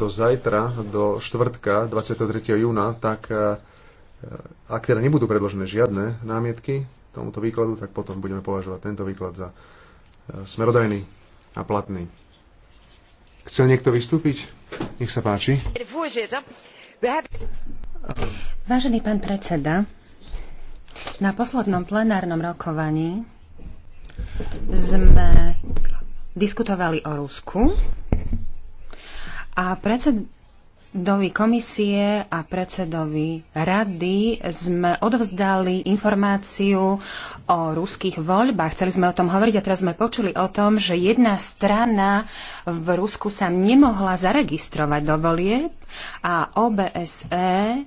do zajtra, do štvrtka 23. júna, tak e, e, ak teda nebudú predložené žiadne námietky tomuto výkladu, tak potom budeme považovať tento výklad za e, smerodajný a platný. Chcel niekto vystúpiť? Nech sa páči. Vážený pán predseda, na poslednom plenárnom rokovaní sme diskutovali o Rusku a predsedovi komisie a predsedovi rady sme odovzdali informáciu o ruských voľbách. Chceli sme o tom hovoriť a teraz sme počuli o tom, že jedna strana v Rusku sa nemohla zaregistrovať do volieb a OBSE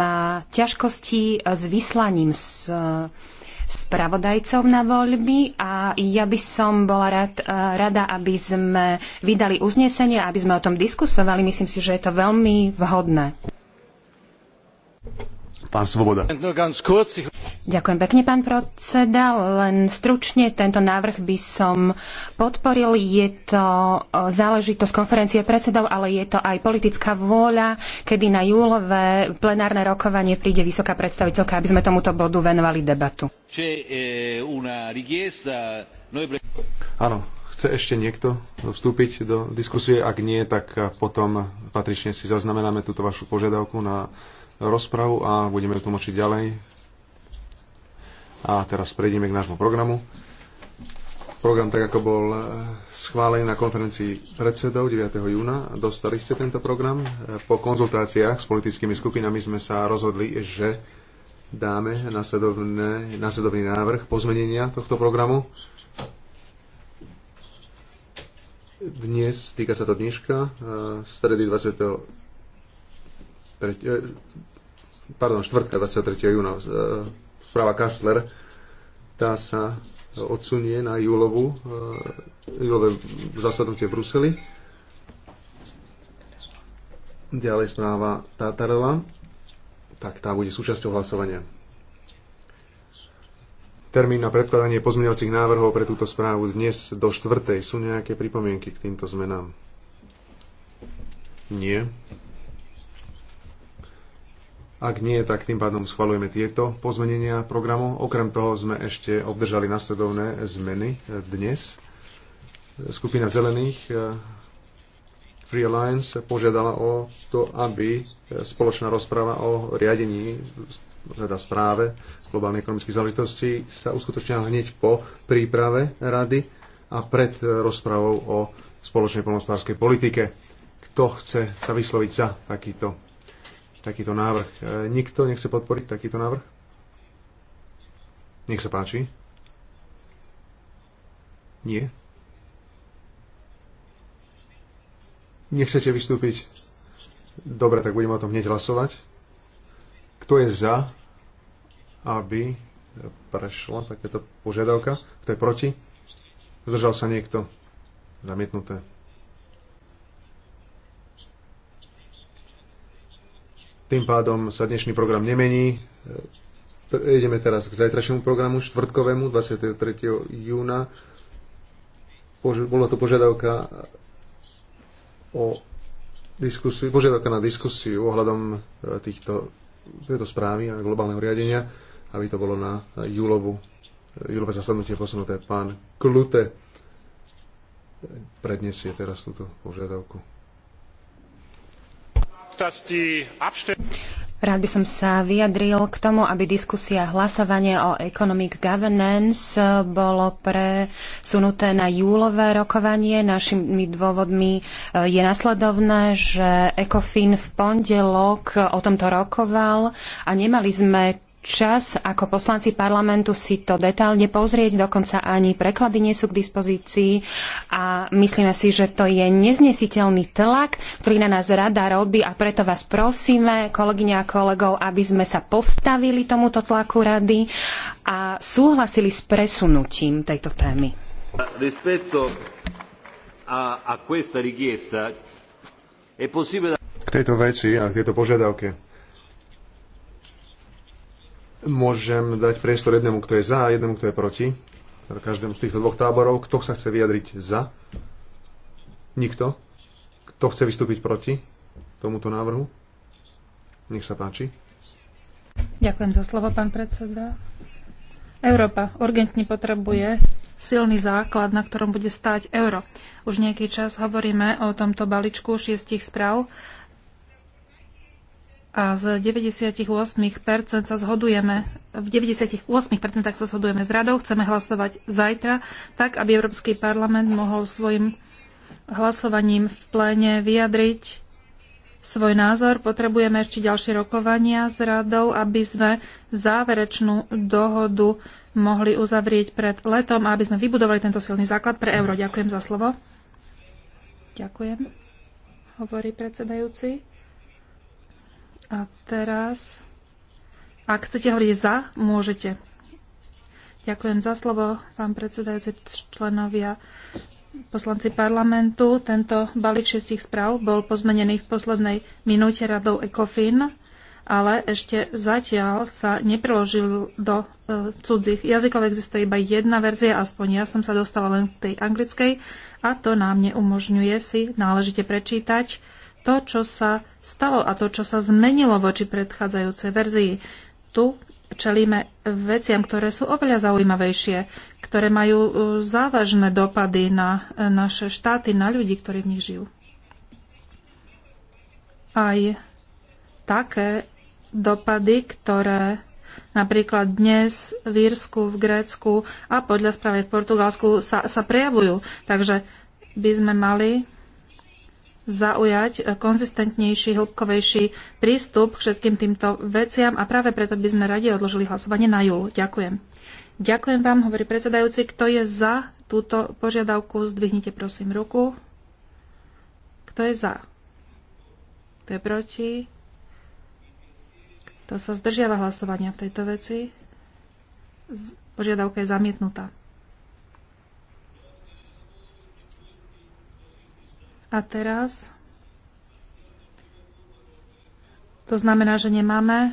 má ťažkosti s vyslaním z spravodajcov na voľby a ja by som bola rad, e, rada, aby sme vydali uznesenie, aby sme o tom diskusovali. Myslím si, že je to veľmi vhodné pán Svoboda. Ďakujem pekne, pán predseda. Len stručne tento návrh by som podporil. Je to e, záležitosť konferencie predsedov, ale je to aj politická vôľa, kedy na júlové plenárne rokovanie príde vysoká predstaviteľka, aby sme tomuto bodu venovali debatu. E, Áno, chce ešte niekto vstúpiť do diskusie? Ak nie, tak potom patrične si zaznamenáme túto vašu požiadavku na rozpravu a budeme ju tlmočiť ďalej. A teraz prejdeme k nášmu programu. Program, tak ako bol eh, schválený na konferencii predsedov 9. júna, dostali ste tento program. Po konzultáciách s politickými skupinami sme sa rozhodli, že dáme následovný návrh pozmenenia tohto programu. Dnes, týka sa to dneška, eh, stredy 20. 3, e, pardon, 4. 23. júna, e, správa Kassler, tá sa odsunie na júlovú, e, júlové zasadnutie v Bruseli. Ďalej správa Tatarela, tak tá bude súčasťou hlasovania. Termín na predkladanie pozmeňovacích návrhov pre túto správu dnes do 4. Sú nejaké pripomienky k týmto zmenám? Nie. Ak nie, tak tým pádom schvalujeme tieto pozmenenia programu. Okrem toho sme ešte obdržali nasledovné zmeny e, dnes. Skupina zelených e, Free Alliance požiadala o to, aby e, spoločná rozpráva o riadení rada teda správe globálnej ekonomických záležitostí sa uskutočnila hneď po príprave rady a pred rozprávou o spoločnej polnospodárskej politike. Kto chce sa vysloviť za takýto takýto návrh. E, nikto nechce podporiť takýto návrh? Nech sa páči. Nie. Nechcete vystúpiť? Dobre, tak budeme o tom hneď hlasovať. Kto je za, aby prešla takáto požiadavka? Kto je proti? Zdržal sa niekto? Zamietnuté. Tým pádom sa dnešný program nemení. E, ideme teraz k zajtrajšiemu programu, štvrtkovému, 23. júna. Bola to požiadavka o diskusiu, požiadavka na diskusiu ohľadom e, týchto, tejto správy a globálneho riadenia, aby to bolo na júlovu, júlové zasadnutie posunuté. Pán Klute predniesie teraz túto požiadavku. Rád by som sa vyjadril k tomu, aby diskusia hlasovanie o economic governance eh, bolo presunuté na júlové rokovanie. Našimi dôvodmi eh, je nasledovné, že ECOFIN v pondelok o tomto rokoval a nemali sme čas ako poslanci parlamentu si to detálne pozrieť, dokonca ani preklady nie sú k dispozícii a myslíme si, že to je neznesiteľný tlak, ktorý na nás rada robí a preto vás prosíme, kolegyňa a kolegov, aby sme sa postavili tomuto tlaku rady a súhlasili s presunutím tejto témy. K tejto veci a k tejto požiadavke Môžem dať priestor jednému, kto je za a jednému, kto je proti. Teda každému z týchto dvoch táborov. Kto sa chce vyjadriť za? Nikto. Kto chce vystúpiť proti tomuto návrhu? Nech sa páči. Ďakujem za slovo, pán predseda. Európa urgentne potrebuje silný základ, na ktorom bude stáť euro. Už nejaký čas hovoríme o tomto balíčku šiestich správ a z 98% sa zhodujeme, v 98% sa zhodujeme s radou, chceme hlasovať zajtra, tak aby Európsky parlament mohol svojim hlasovaním v pléne vyjadriť svoj názor. Potrebujeme ešte ďalšie rokovania s radou, aby sme záverečnú dohodu mohli uzavrieť pred letom a aby sme vybudovali tento silný základ pre euro. Ďakujem za slovo. Ďakujem, hovorí predsedajúci. A teraz, ak chcete hovoriť za, môžete. Ďakujem za slovo, pán predsedajúci, členovia poslanci parlamentu. Tento balík šestich správ bol pozmenený v poslednej minúte radou ECOFIN, ale ešte zatiaľ sa nepreložil do e, cudzích jazykov. Existuje iba jedna verzia, aspoň ja som sa dostala len k tej anglickej a to nám neumožňuje si náležite prečítať to, čo sa stalo a to, čo sa zmenilo voči predchádzajúcej verzii. Tu čelíme veciam, ktoré sú oveľa zaujímavejšie, ktoré majú uh, závažné dopady na uh, naše štáty, na ľudí, ktorí v nich žijú. Aj také dopady, ktoré napríklad dnes v Írsku, v Grécku a podľa správy v Portugalsku sa, sa prejavujú. Takže by sme mali zaujať konzistentnejší, hĺbkovejší prístup k všetkým týmto veciam a práve preto by sme radi odložili hlasovanie na júl. Ďakujem. Ďakujem vám, hovorí predsedajúci. Kto je za túto požiadavku, zdvihnite prosím ruku. Kto je za? Kto je proti? Kto sa zdržiava hlasovania v tejto veci? Požiadavka je zamietnutá. A teraz to znamená, že nemáme